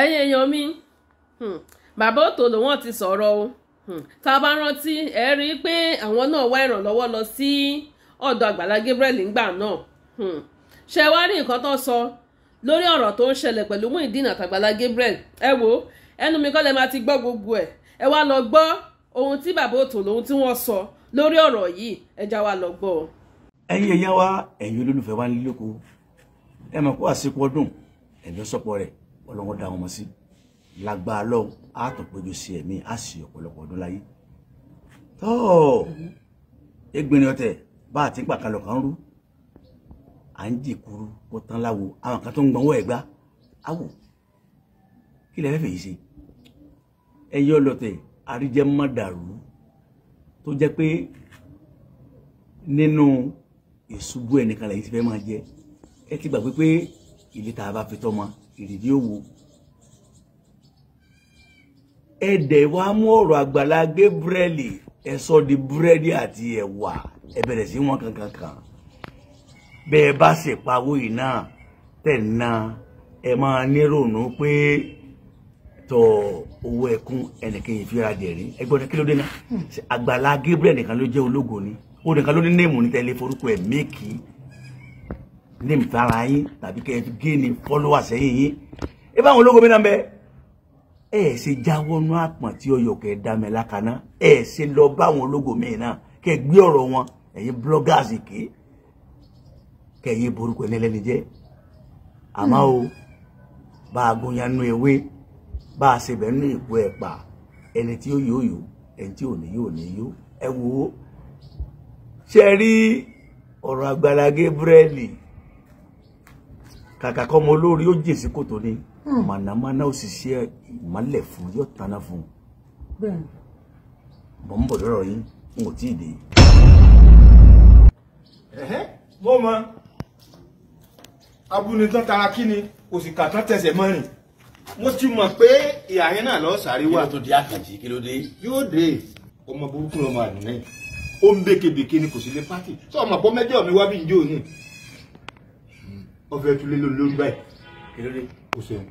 ẹ̀yin èèyàn mi hmm, bàbá òtòlò wọn ti sọ̀rọ̀ o hmm, tá a bá rántí ẹ rí i pé àwọn náà wá ìrànlọ́wọ́ lọ sí ọ̀dọ̀ Àgbàlá Gabriel ńgbà náà hmm, ṣe wá rí nǹkan tó sọ lórí ọ̀rọ̀ tó ń ṣẹlẹ̀ pẹ̀lú Muyideen àtàgbàlá Gabriel ẹ wo ẹnu mi kọ́ lẹ máa ti gbọ́ gbogbo ẹ̀ ẹ wá lọ gbọ́ ohun tí bàbá òtòlò ohun tí wọ́n sọ lórí ọ̀rọ̀ yìí ẹja wa lọ gbọ́. ẹ̀yin èèyàn wa ẹ̀yin olólùfẹ́ wa nílé lóko ẹ mọ̀ kó àsìkò ọdún ẹ̀yin ó sọ̀pọ̀ rẹ̀ ọlọ́wọ́n dá wọn sí lágbára lọ́wọ́ á tàn péjú sí ẹ̀mí á sì ọ̀pọ̀lọpọ̀ ọdún láyé tó ẹgbìnrin ọ̀tẹ̀ bá àti pàkàlọ̀ kan rú à ń jìkúrú kó tán láwo àwọn kan tó ń gbọ́nwọ́ ẹ̀gbá áwò kí lẹ fẹ́ fèyí ṣe ẹyẹ ọlọ́tẹ̀ àríjẹ mọ́dàrú tó jẹ́ pé nínú ìṣubú ẹnìkan lẹ́yìn tí fẹ́ máa jẹ ẹ ti gbàgbé pé ìlú tá a bá fi tọ́ mọ́ ìrìbí òwò ẹdẹ wa mú ọ̀rọ̀ àgbàlá Gabriel ẹ sọ di búrẹ́dì àti ẹ̀wà ẹ bẹ̀rẹ̀ sí wọn kankan kan bẹ́ẹ̀ bá sì pawó yìí náà tẹ̀ ná ẹ máa nírònú pé tọ owó ẹkún ẹnìkan ìfira jẹrí ẹgbọn kí ló dé náà hmm. àgbàlá Gabriel nìkan ló jẹ́ ológo ni ó nìkan ló ní néèmù ní tẹlẹ forúkọ ẹ méèkì ní nfara yín tàbí kẹ́ ẹ fi géènì fọ́lọ́wà sẹ́yìn yín ẹ bá àwọn ológun mi náà bẹ ẹ ẹ ṣe jáwọ́nú àpọ̀n tí ó yọkẹ́ dámẹ́ lákaná ẹ ẹ ṣe lọ bá àwọn ológun mi náà kẹ́ ẹ gbé ọ̀rọ̀ wọn ẹ̀yin bloggers ké kẹ́ ẹ yé borúkọ ẹlẹ́lẹ́ni jẹ́ àmọ́ o bá a gbóyan nú ewé bá a ṣe bẹ̀ nú ìpò ẹ̀pà ẹni tí ó yóò yó ẹni tí ò ní yóò ní yó ẹ wo ṣe rí ọ̀rọ̀ Àgbàlá Gabriel kàkà kọ́ ọmọ olórí ó jè sí kòtò ni hmm. mànàmáná ó sì ṣe ìmọ́lẹ̀ fún yóò tanná fún un bọ̀ ń bọ̀ lọ́rọ̀ yín n ò tí ì dé. mo mọ abúnitán tara kí ni òṣìkà tán tẹsẹ̀ mọ́rin mo ti mọ̀ pé ìhà yẹn náà lọ́ọ́ sáré wá. kí ló tó di àkànjì kí ló dé. yóò dé ọmọ burúkú lọmọ àdùnnẹ́ ó ń békebèke ni kò sí lè pátì sọ ọmọ bọ́ mẹ́jọ mi wá bí njó ni ọfẹ tún lé lórí lórí báyìí kéré o ṣeun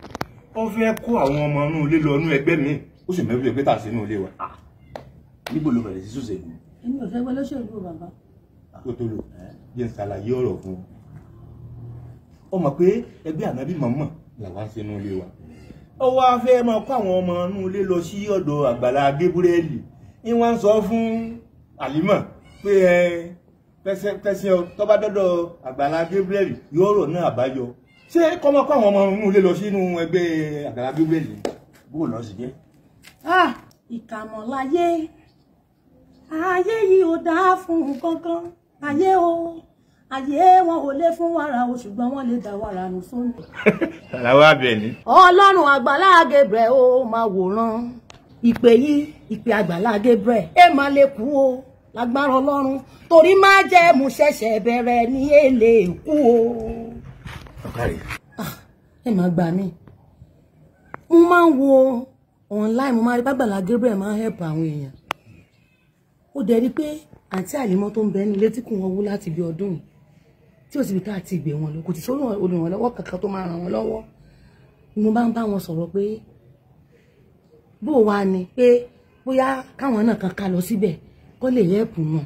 ọfẹ kó àwọn ọmọ inú ilé lọ inú ẹgbẹ́ mi ó sì mẹrù ẹgbẹ́ tà sí inú ilé wa. Ah. níbo ló bẹ̀rẹ̀ sí ṣòṣèlú. èmi ò fẹ́ gbọ́ lọ́sọ̀rọ̀ ló bàbá. kó tó lò jẹ́ ṣàlàyé ọ̀rọ̀ fún un. ó mọ̀ pé ẹgbẹ́ ànábì mọ̀mọ́ làwa ń ṣe inú ilé wa. ó wá fẹ́ máa kó àwọn ọmọ inú ilé lọ sí ọ̀dọ̀ àgbàlá Gabriel ni wọ́n ń sọ fún Àlímọ̀ pé ẹ pẹ́sẹ́pẹ́sẹ́ ọ tó bá dọ́dọ̀ àgbàlá Gabriel yóò rò náà àbáyọ ṣé kọ́mọ kọ́ àwọn ọmọ inú ilé lọ sínú ẹgbẹ́ àgbàlá Gabriel bó lọ sí jẹ́. Ah, ìkàmọ̀ láyé ayé yìí ò dáa fún kankan ayé o ayé wọn ò lè fún wàrà o ṣùgbọ́n wọ́n lè dá wàrà nù sóyún. aláwọ̀ abẹ ni. ọlọ́run àgbàlá Gabriel ó máa wòran ìpè yìí ìpè àgbàlá Gabriel ẹ máa lè kú o lágbára ọlọ́run torí má jẹ́ mo ṣẹ̀ṣẹ̀ bẹ̀rẹ̀ ní èlé èkú o. Ah, ẹ máa gbà mí mo máa ń wo online mo máa rí bàgbàlá Gabriel máa ń help àwọn èèyàn ó dẹ̀ rí pé àǹtí àlímọ́ tó ń bẹ nílé tí kò wọ́n wú láti ibi ọdún yìí tí ò síbi tá a ti gbé wọn lọ kò sì sórí olùrànlọ́wọ́ kankan tó máa ràn wọ́n lọ́wọ́ ni mo bá ń bá wọn sọ̀rọ̀ pé bó wa ni pé bóyá káwọn náà kan ká lọ síbẹ̀ kọ́ lè hẹ́pù wọn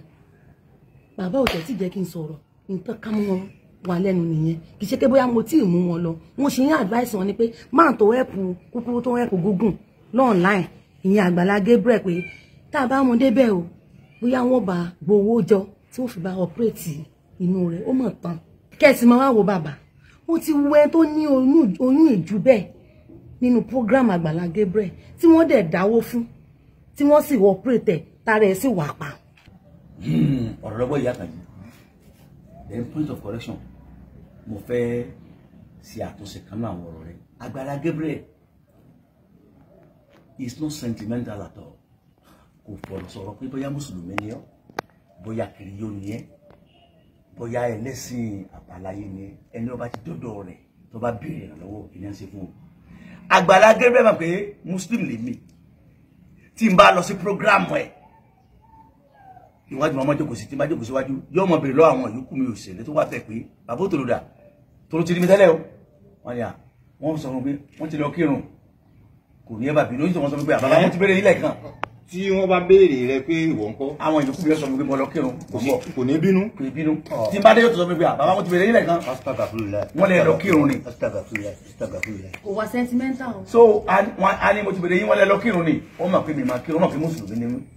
bàbá òtẹ̀ tí jẹ́ kí n sọ̀rọ̀ nǹkan ká mú wọn wà lẹ́nu nìyẹn kì í ṣe pé bóyá mo tí ì mú wọn lọ wọn ṣe ń advice wọn ni pé máà tó hẹ́pù kúkúrú tó hẹ́pù gúngùn lọ́ọ̀nláìn ìyẹn Àgbàlá Gabriel pé tá a bá mú débẹ̀ o bóyá wọ́n bá gbowó jọ tí wọ́n fi bá ọ̀pẹ́rẹ́tì inú rẹ̀ ó mọ̀ tán kẹ́sì máa wá wo bàbá ó ti wẹ́ tó ní oyún ìjú bẹ́ẹ̀ nínú program Àgbàlá Gabriel tí wọ́n dẹ̀ dáwó fún tí wọ́n sì wọ tààrà ẹ̀ sì wà pa. Hmm, ọ̀rọ̀ lọ́wọ́ ìyá kan yìí then point of correction mo fẹ́ ṣe àtúnṣe kan náà àwọn ọ̀rọ̀ rẹ Agbala Gabriel is not sentimental at all kò fọ̀rọ̀ sọ̀rọ̀ pé bóyá mùsùlùmí ni ọ́ bóyá kìrìyó ni ẹ́ bóyá ẹlẹ́sìn àbáláyé ni ẹni ọba ti dọ́dọ̀ rẹ̀ tó bá béèrè ìrànlọ́wọ́ ìní à ṣe fún o Agbala Gabriel mọ̀ pé muslim lèmi tí n bá lọ sí programu ẹ̀ iwájú ọmọ jókòó sí tí má jókòó síwájú yóò mọ bèrè lọ àwọn ìyókù mi òṣèlú tó wà tẹ pé bàbá òtòlódà tòrò ti rí mi tẹ́lẹ̀ o wọn ni à wọn sọ fún mi wọn ti lọ kírun kò ní ẹ bàbí lóyún tó wọn sọ fún mi pé àbàbà wọn ti béèrè ilẹ̀ kan. tí wọn bá béèrè rẹ pé ìwọ ń kọ́. àwọn ìyókù mi yóò mo lọ kírun kò ní bínú. kò ní bínú tí bá dé yóò sọ fún mi pé àbàbà wọn ti béèrè ilẹ̀ kan. wọn lè lọ kírun ni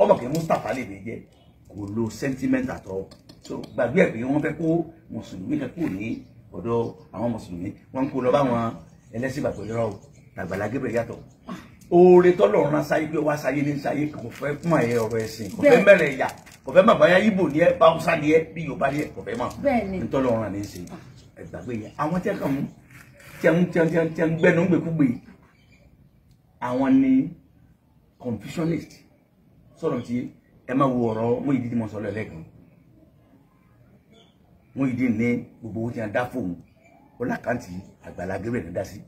ọmọ kẹ mustapha lè jẹ kò lo sentiment àtọ so gbàgbé ẹ pé wọn fẹ́ kó mùsùlùmí kan kúrò ní ọ̀dọ̀ àwọn mùsùlùmí wọn kó lọ bá wọn ẹlẹ́sìn gbàgbọ́ yọrọ o Àgbàlá Gabriel yàtọ̀ oore tọ́lọ̀ ran sáyé pé wá sáyé ní sáyé kò fẹ́ kún àyẹ ọ̀rọ̀ ẹ̀sìn kò fẹ́ mẹ́rẹ̀ ẹ̀yà kò fẹ́ mọ̀ báyà ibo ni ẹ báwùsá ni ẹ bí Yorùbá ni ẹ kò fẹ́ mọ̀ ntọ́lọ̀ ran ní ṣe ẹgbàgbé yẹn àwọn tí kàn ń tẹun tẹun tẹun tẹun gbẹnu gbẹkúgbẹ àwọn ni confucianist sọ̀rọ̀ tí ẹ máa wo ọ̀rọ̀ Muyideen mọ̀ sọ́lọ́ ẹlẹ́gàn Muyideen ní gbogbo owó tí a dá fóun ó lákàntì Àgbàlá Gabriel ló dá sí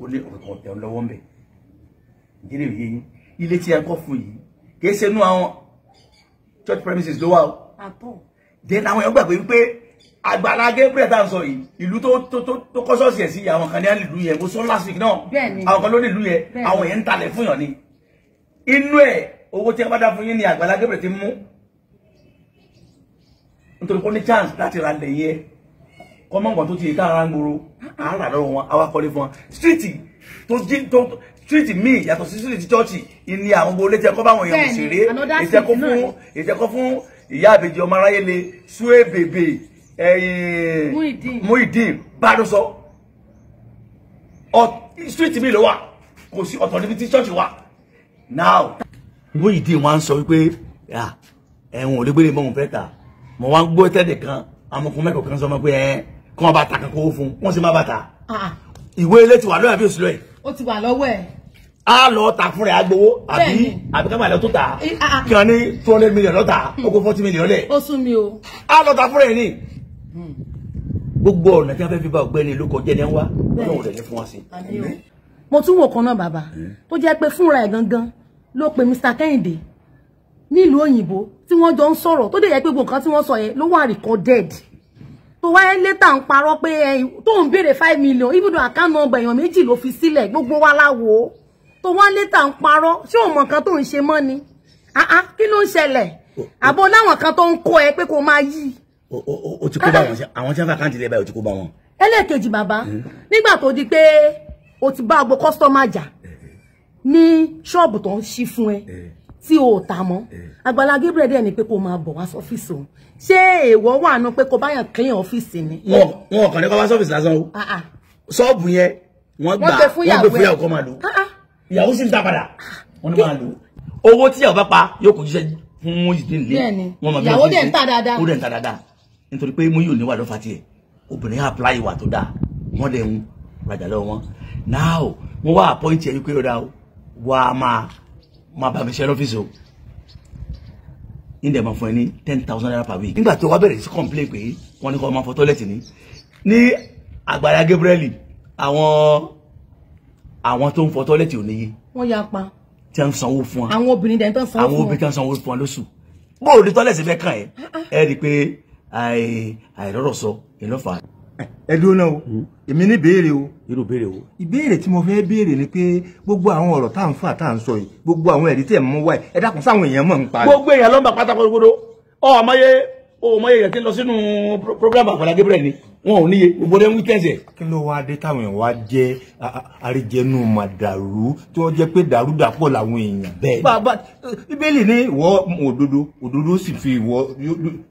ó lé ọ̀kọ̀ọ̀kan ọ̀tẹ̀ lọ́wọ́ ń bẹ̀ ìdílé yìí yín ilé tí a kọ́ fún yìí kì í ṣe inú àwọn church premises ló wà o then àwọn èèyàn gbàgbé wípé Àgbàlá Gabriel tá à ń sọ yìí ìlú tó tó tó kọ́ sọ́ọ̀sì ẹ̀ sí àwọn kan ní àlìlú yẹn mo last week náà àwọn kan ló ní ìlú yẹn àwọn yẹn ń talẹ̀ fún yàn ni inú ẹ̀ owó tí wọ́n bá dá fún yín ni Àgbàlá Gabriel ti mú nítorí kó ní chance láti ra lẹ̀ yẹ kọ́mọ̀gbọ̀n tó ti yẹ káàrà ń gbòòrò àárà lọ́wọ́ wọn awakọ̀lé fún wọn stíìtì tó jí tó stíìtì míì yàtọ̀ sí stíìtì chọ́ọ̀chì ìní àwọn gbogbo olóòtú ẹ̀kọ́ báwọn èèyàn òṣèré ìṣẹ́kọ́ fún ìṣẹ́kọ́ fún ìyá àbèjì ọmọ aráyé le sué bèbè Muideen Bádọ́sọ stíìtì míì ló wà kò sí ọ̀tọ̀ níbi tí chọ́ọ̀chì wà now Muyideen wa ń sọ wípé ẹ̀wọ̀n olùgbèrè mọ́ òun fẹ́ ta mo wá ń gbọ́ tẹ́lẹ̀ kan amọ̀kùn mẹ́kọ̀ọ́ kan sọ ma pé ẹ kí wọ́n bá ta kan kówó fún wọ́n sì má bá ta ah, ah. ìwé ilé ti wà lọ́wọ́ àbí òsì lọ́wọ́ ẹ̀. ó ti wà lọ́wọ́ ẹ̀. a lọ ta fún rẹ̀ agbowó àbí àbí ká máa lọ tó ta eh, ah, kí wọ́n ní two hundred million lọ́ta hmm. ó kó forty million lẹ̀. ó sún mi o. a lọ ta fún rẹ̀ ni hmm. gbogbo ọ̀nà tí a fẹ́ fi bá ọ̀gbẹ́ni ló kọjá ní wá ọlọ́run rẹ̀ ní fún wa sí i mo tún wò kan náà bàbá tó jẹ́ pé fúnra ẹ̀ gangan ló pe Mr Kẹ́hìndé nílùú òyìnbó tí wọ́n jọ ń sọ̀rọ̀ tó dẹ̀ yẹ pé gbogbo nǹkan tí wọ́n sọ yẹn ló wà recorded tó wáyé létà ń parọ́ pé tó ń béèrè five million ibùdó àkáǹnà ọgbà èèyàn méjì ló fi sílẹ̀ gbogbo wa láwo tó wá létà ń parọ́ ṣé òun mọ̀ nǹkan tó ń ṣe mọ́ ni kí ló ń ṣẹlẹ̀ àbọ̀ láwọn kan tó ń kọ́ ẹ pé kó máa yí. o ti kó bá wọn àwọn tí wọn fà káàdì lẹ́bàá o ti kó bá wọn. ẹlẹ́ẹ̀kejì bàbá nígbà tó di pé o ti bá agbo customer jà ní shop tó ń ṣí fún ẹ o tà mọ́ Agbala Gabriel dẹ̀ ni pé kó máa bọ̀ wá sọ́fíìsì òun ṣé èèwọ̀ wà nù pé kó báyàn clean ọ́fíìsì ni. wọn kàn ní kó wá sọ́fíìsì lásán o ah, ah. ṣọ́ọ̀bù yẹn wọ́n gbà wọ́n gbé fúyàwó kọ́ máa lò ah, ìyàwó sì ń ta padà wọ́n ní máa lò owó ya bá pa yóò kò jíṣẹ́ fún ìdí nílé wọn máa bí wọn ti ń ta dáadáa ó dẹ̀ ń ta dáadáa nítorí pé mo yóò níwà lọ́fà tiẹ̀ obìnrin apply ìwà tó dáa wọ́n dẹ̀ ń rajà lọ́wọ́ wọn now wọ́n wá àpọ́ǹtì ẹ̀yìn pé ó dáa wà á máa máa bá mi ṣe lọ́fíìsì o ní dẹ̀mọ̀ fún ẹ ní ten thousand naira per week nígbà tó wá bẹ̀rẹ̀ sí complain pé wọ́n ní kó máa fọ tọ́lẹ̀tì ní ní àgbàlá Gabriel àwọn àwọn tó ń fọ tọ́lẹ̀tì ò níye. wọ́n ya pa. tí wọ́n sanwó fún wa. àwọn obìnrin dẹ̀ ń tán sanwó fún wa. àwọn obìnrin tán sanwó fún wa lóṣù. bóòlù tọ́lẹ̀tì fẹ́ kàn ẹ́ ah, ah. ẹ́ rí i pé àìrọ́rọ̀ sọ ìlọ́fà ẹ dúró náà o hmm. èmi ní béèrè o. irú béèrè o. ìbéèrè tí mo fẹ́ béèrè ni pé gbogbo àwọn ọ̀rọ̀ tá à ń fà tá à ń sọ yìí gbogbo àwọn ẹ̀rí tẹ̀ mú wáyé ẹ dákun sáwọn èèyàn mọ̀ ń pa. gbogbo èèyàn ló ń bá pátákórógbódó ọ àmọye ọmọye èèyàn ti lọ sínú programme Àgbàlá Gabriel ni wọn ò níye gbogbo dé ń wíkẹ́ǹsì ẹ̀. kí ló wáá dé táwọn èèyàn wá jẹ àríjẹnu màdàrú tí wọn jẹ pé dàrúdàpọ̀ làwọn èèyàn bẹ́ẹ̀. bàbá bíbélì ní ìwọ òdodo òdodo sì fi ìwọ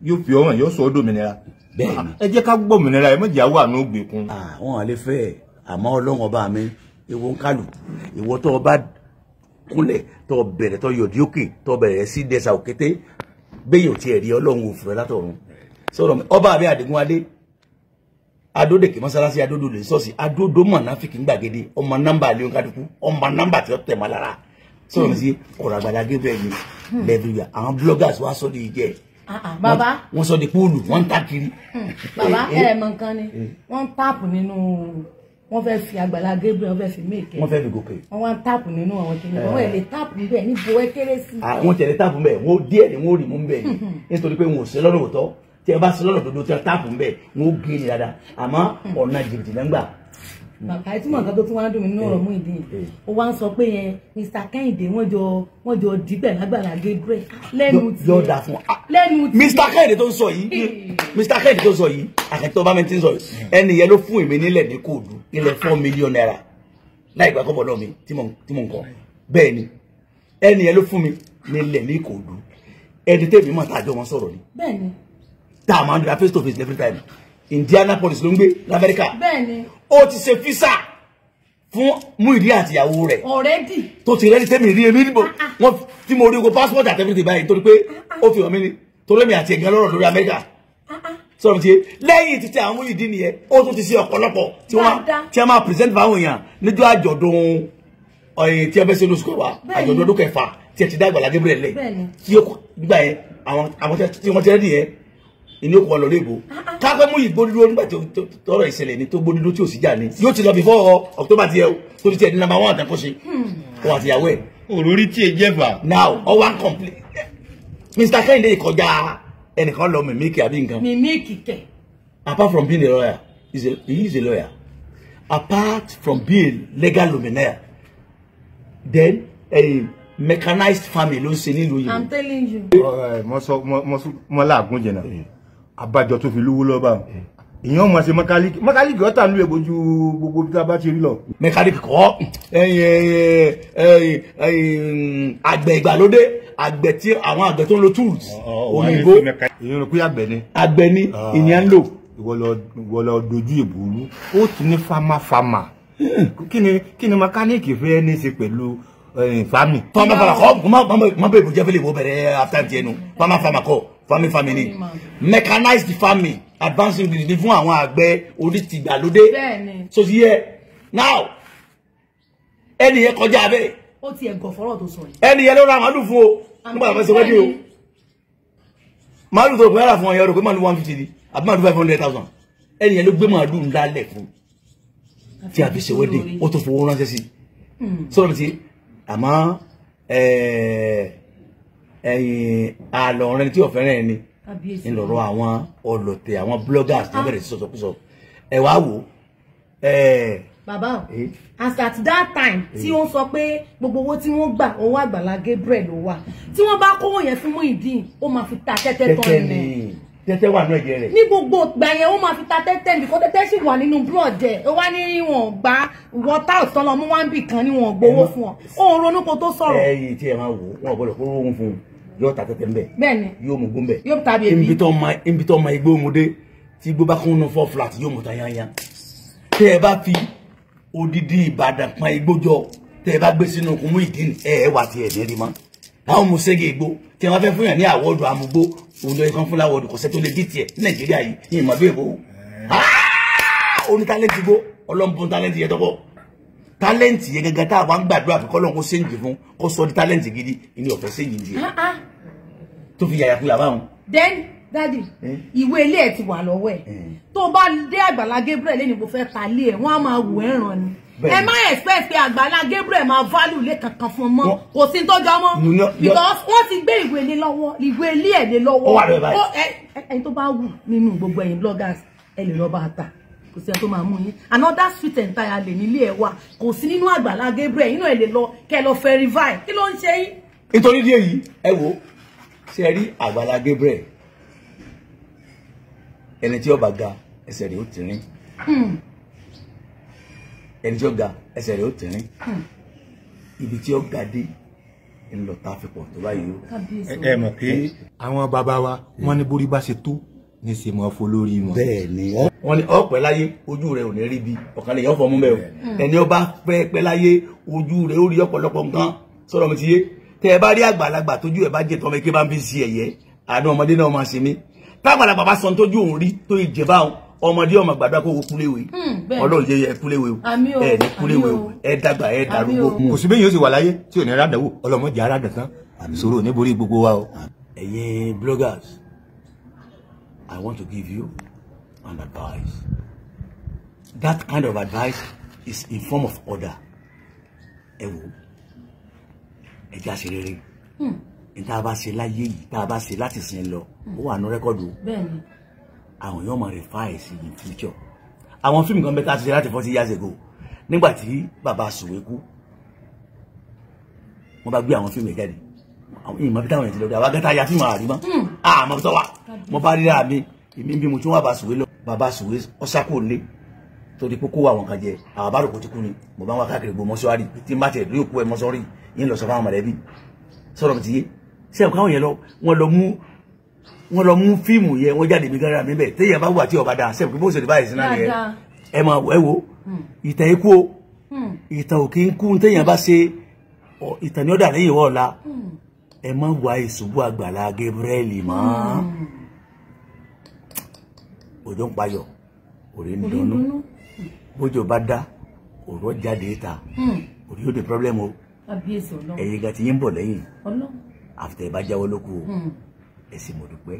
yóò fi ọràn yóò sọ ọ dòmìnira bẹ́ẹ̀ni ah, ẹ jẹ́ ká gbòmìnira ẹ méjì àwọn àánú gbèkún. àwọn ah, àlè fẹ́ àmọ́ ọlọ́run ọba mi ìwọ ń kálù ìwọ tó o bá tó o bẹ̀rẹ̀ tó o yọ̀dí òkè tó o bẹ̀rẹ̀ sí dẹ́sà òkété bẹ́yìn ò tiẹ̀ rí ọlọ́run òfurẹ́ látọ̀run sọ̀rọ̀ mi ọba mi àdìgúnwadé adódèké mọ́sálásí adódò lè sọ́ọ̀sì adódò mọ̀náfíkì gbàgede ọmọ nọ́mbà lè ń kádùkú ọmọ nọ́mbà tí ó tẹ̀ mọ́ lára sọ̀rọ̀ mi sí ọ̀rọ̀ àgbàdàgé bẹ́ẹ̀ ni hmm. lẹ́bìrì àwọn bloggers wá sọ́ọ́ Ah, ah, bàbá wọ́n sọ di póòlù wọ́n ń ta kiri. Hmm. bàbá eh, eh. ẹ mọ nǹkan ni wọ́n ń táàpù nínú wọ́n fẹ́ fi àgbàlá Gabriel wọ́n fẹ́ fi méèkẹ́ wọ́n fẹ́ fi gòkè wọ́n wá tap táàpù nínú àwọn kìnìún wọ́n ẹ̀ lè eh. táàpù níbẹ̀ níbo ẹ kéré sí. Ah, àwọn tẹ̀lé táàpù mbẹ̀ wọ́n díẹ̀ ni wọ́n rì mú mbẹ̀ ni hmm, hmm. nítorí pé wọn ò sí lọ́dọ̀ òótọ́ tí ẹ bá sí lọ́dọ̀ òdodo tí wọ́n táàpù mbẹ̀ wọ́n ni dáadáa àmọ́ ọ̀nà jìbìtì lẹ́ngbà Hmm. àìtúmọ̀ nǹkan tó tún wá ń dùn mí nínú ọ̀rọ̀ mú ìdí yìí wá ń sọ pé yẹn Mr Kẹ́hìndé wọ́n jọ wọ́n jọ dípẹ̀ lágbàlá Gabriel lẹ́nu tí yóò dà fún ah, lẹ́nu tí Mr Kẹ́hìndé tó ń sọ yìí eh. Mr Kẹ́hìndé tó ń sọ yìí àkẹ́tọ́ bá mi ti ń sọ hmm. ẹni yẹn ló fún èmi nílẹ̀ ní kóòdù ilẹ̀ four million naira láì gbà kọ́bọ̀ náà mi tí mò ń kọ́ bẹ́ẹ̀ ni ẹni yẹn ló fún mi nílẹ̀ ní kóòdù ẹni tẹ́mi mọ̀ tá a jọ wọn sọ̀rọ̀ ni tá a máa ń dira face to face every time Indianapolis ló ń gbé l'Amẹ́ríkà ó ti ṣe físà fún Muideen àtìyàwó rẹ̀ tó ti rẹ́ni tẹ́mi rí èmi níbo ah, ah, ah. wọ́n tí mo rí ko passport àti everything báyìí torí pé ó fi hàn mí ni torí mi àti ẹ̀gán lọ́rọ̀ lórí Amẹ́ríkà sọ̀rọ̀ tiẹ̀ lẹ́yìn títí àwọn Muideen nìyẹn ó tún ti ṣe ọ̀pọ̀lọpọ̀ tí wọ́n tí wọ́n máa present fáwọn èèyàn níjọ́ àjọ̀dún ọ̀yìn tí ẹ fẹ́ ṣe lóṣù kẹwàá àjọ̀dún ọdún kẹfà tí ẹ ti dá Àgbàlá Gabriel lẹ̀ tí wọ́n ti rẹ́ nìyẹn ìní òkú ọlọ́rọ̀ èbó káfẹ́ mú ìgbódúró nígbà tí tọrọ ìṣẹ̀lẹ̀ ní tó gbódúró tí ò sí jà ni yóò ti lọ bí fọ́ọ̀ October ti yẹ o tó ti tiẹ̀ ní nàmbà wọn àtàkùn ṣe o àti ìyàwó ẹ̀. òrórí tí e jẹ́ fà. now all one complain Mr. Kẹ́hìndé kọjá ẹnìkan lọ mímíkì àbí nǹkan. mímíkì kẹ. apart from being a lawyer he is a lawyer apart from being legal luminaire then a mechanized family ló ń ṣe nílùú yìí. i'm telling you. mo sọ mo sọ mo abájọ tó fi lówó lọ́ba èèyàn mọ̀ ṣe mẹkáníìkì mẹkáníìkì ọ̀tà ń lu ègbò ju gbogbo bí tá a bá ti rí lọ. mẹkáníìkì kọ́ àgbẹ̀ ìgbàlódé àgbẹ̀ tí àwọn àgbẹ̀ tó ń lo tools òyìnbó èèyàn ló pé àgbẹ̀ ni. àgbẹ̀ ni ah, ìyẹn ń lò. ìwọ lọ dojú ìbòrú ó ti ní fama fama kí ni mẹkáníìkì fẹ́ ní í ṣe pẹ̀lú fami. fama fama kọ́ mọ bẹ́ẹ̀ bó jẹ́ fẹ́lẹ̀ bẹ̀rẹ̀ after ten nu fama fama kọ́ farming family, ni mechanize the farming advanced the ni fún àwọn àgbẹ̀ orí ti gbàlódé so ti yẹ now ẹni yẹn kọjá abẹ́ ó ti ẹ̀gọ̀ fọ́rọ̀ tó sọ yìí ẹni yẹn ló ra màálù fún o nígbà tó fẹ́ ṣe wẹ́dí o màálù tó fẹ́ rà fún ọyọ́ rò pé màálù one fifty ni àbí màálù five hundred thousand ẹni yẹn ló gbé màálù ńlá lẹ̀ fún tí a fi ṣe wẹ́dí ó tó fowó ránṣẹ́ sí hmm. sọ́dọ̀ ti àmọ́ ẹ̀ẹ́. Eh, àlọ́ ọ̀rẹ́ni tí ọ̀fẹ́rẹ́ ẹni ńlọrọ àwọn ọlọ́tẹ̀ àwọn bloggers tí wọ́n ah. bẹ̀rẹ̀ sí sọ̀sọ̀kúsọ ẹ wá wò ẹ. bàbá o as at that time tí wọ́n sọ pé gbogbo owó tí wọ́n gbà owó Àgbàlá Gabriel ló wà tí wọ́n bá kówó yẹn fún Muyideen ó máa fi ta tẹ́tẹ́ tán nìyẹn tẹ́tẹ́ wà náà jẹ rẹ̀. ní gbogbo ìgbà yẹn ó máa fi ta tẹ́tẹ́ nìkan tẹ́tẹ́ sì wà nínú búrọ̀dẹ ó wá ní wọn gbá wọta ọ̀sán lọ mú wá ń bì kan ní wọn gbowó fún ọ òun ronú kó tó sọ̀rọ̀. ẹ yìí tí ẹ máa wò wọn ò gbọ́dọ̀ kó rówó fún un yóò ta tẹ́tẹ́ nbẹ bẹ́ẹ̀ni yóò mú gbọmbẹ yóò ta bèbí nbitọ ma nbitọ ma igbó òmùdé tí igbó bá kún un fọ flat yóò mú ta yanyan tẹ ẹ bá fi odidi Ìbàdàn pọn igbó jọ tẹ ẹ bá gbé sínú okun mú ìdí ẹ ẹ wà tiẹ ní rí mọ àwọn mùsẹ́gì igbó tí wọ́n fẹ́ fún yàn ní àwọ́dù amúgbó òun lóye kan fún láwọ́dù kọ̀sẹ́ tó lè dí tiẹ̀ ní Nàìjíríà yìí ìmọ̀ bí èkó onítàlẹ́ntì igbó ọlọ́mbùn tàlẹ́ntì yẹtọ́kọ̀ tálẹ́ǹtì yẹn gẹ́gẹ́ tá a wá ń gbàdúrà pé kọ́lọ́n kó séǹjì fún kó sọ di tálẹ́ǹtì gidi ìní ọ̀fẹ́ séǹjì di ah, ah tó fi yàyà kúlà báwọn. then dadi eh? ìwé ilé ẹ ti wà lọ́wọ́ ẹ eh. tó bá dé àgbàlá Gabriel lẹni mo fẹ́ ta ilé ẹ wọn á máa wò ẹ ràn ni ẹ má expect pé àgbàlá Gabriel máa value ilé kankan fún ọmọ kò sí tọjọ mọ because wọn ti gbé ìwé ilé lọ́wọ́ ìwé ilé ẹ lé lọ́wọ́ ẹni tó bá wù nínú gbogbo ẹ̀yin bloggers ẹ lè lọ bá a ta kò sí ẹni tó máa mú yín another sweet entirely nílé ẹ wa kò sí nínú Àgbàlá Gabriel yín náà ẹ lè lọ kẹ lọ fẹ revive kí ló ń ṣe yín. nítorí díẹ̀ yìí ẹ wo ṣe rí Àgbàlá Gabriel hmm. ẹni tí ó ga ẹsẹ̀ rẹ̀ ó ti rìn ẹni tí ó ga ẹsẹ̀ rẹ̀ ó ti rìn ibi tí ó ga dé ń lọ ta fi pọ̀ tó báyìí o. ẹ mọ̀ pé àwọn bàbá wa wọ́n ní bórí ṣe tó ní ṣe mọ́ fún lórí wọn. bẹ́ẹ̀ ni wọ́n ní ọ̀pẹ́ láyé ojú rẹ̀ ò ní rí bi ọ̀kan lè yọ fọmú bẹ́ẹ̀ o hmm. ẹni ó bá pẹ́ láyé ojú rẹ̀ ó rí ọ̀pọ̀lọpọ̀ nǹkan sọ̀rọ̀ mi ti yé tẹ́ ẹ bá rí àgbàlagbà tójú ẹ̀ bá jẹ tọ́mọ ike bá ń fi si ẹ̀yẹ àánú ọmọdé náà máa ṣe mí tágbàlagbà bá sọ tójú òun rí tó ìjẹ báwọn ọmọdé ọmọ gbàdúrà kó wo kúléwe hmm, ọlọ́run yẹ kúléwe o ẹ ní kúléwe o ẹ dàgbà ẹ dàrúgbó. kò sí bẹ́ẹ̀ yóò sì wà láyé tí ò ní rádàwó ọlọ́mọdé aráàdà tán àbísọ̀rọ̀ níborí gbogbo wa o. ẹ̀yin bloggers I want to give you and advice. That kind of advice is in form of order. Ẹ wò, ẹ rere. Ìta hmm. bá ṣe láyé yìí, tá a bá ṣe láti sin lọ, hmm. ó wà ní rẹ́kọ̀dù. Bẹ́ẹ̀ni. Àwọn yóò máa refine sí in future. Àwọn fíìmù kan bẹ́ẹ̀ tá a ṣe forty years ago. Nígbà baba bàbá Sùwé kú, wọ́n bá gbé àwọn fíìmù ẹ̀ jáde àwọn èèyàn mọ̀bí táwọn èèyàn ti lọ dé àwọn agẹ́ta ya fíìmù àrímọ́ àmọ́ hmm. ah, tó wà mo bá ríra mi èmi bí mo tún wà bá sùwé lọ bàbá sùwé ọ̀sákò lé torí pé kó wà wọn kan jẹ àwọn bá rò kó ti kú ni mo bá wà káàkiri gbogbo mọ́ṣúárì tí n bá tẹ̀ lóyè kú ẹ mọ́ṣúárì yín lọ sọ fáwọn mọ̀lẹ́bí sọ̀rọ̀ mi ti yé ṣé ẹ̀ka wọn yẹn lọ wọn lọ mú wọn lọ mú fíìmù yẹn wọn jáde mi gánra mi bẹ̀ téèyàn bá wù àti ọba dáa sẹ́ẹ̀kì bó ṣe lè báyìí sí náà nìyẹn ẹ máa wọ wo ìtàn ikú o hmm. ìtàn òkè ń kú téèyàn bá ṣe ìtàn ní ọ̀dà lẹ́yìn wọ́ọ̀la hmm. ẹ má wà ìṣubú àgbàlá Gabriel mọ́. Hmm òjò ń payọ̀ òrè ń dunnú bójú bá dá òrò jáde ta hmm. òrè yóò di problem o ẹ̀yin gàtí yín bọ̀ lẹ́yìn àfitẹ̀ ìbá jáwọ́ lóko o hmm. ẹ sì mo dúpẹ́.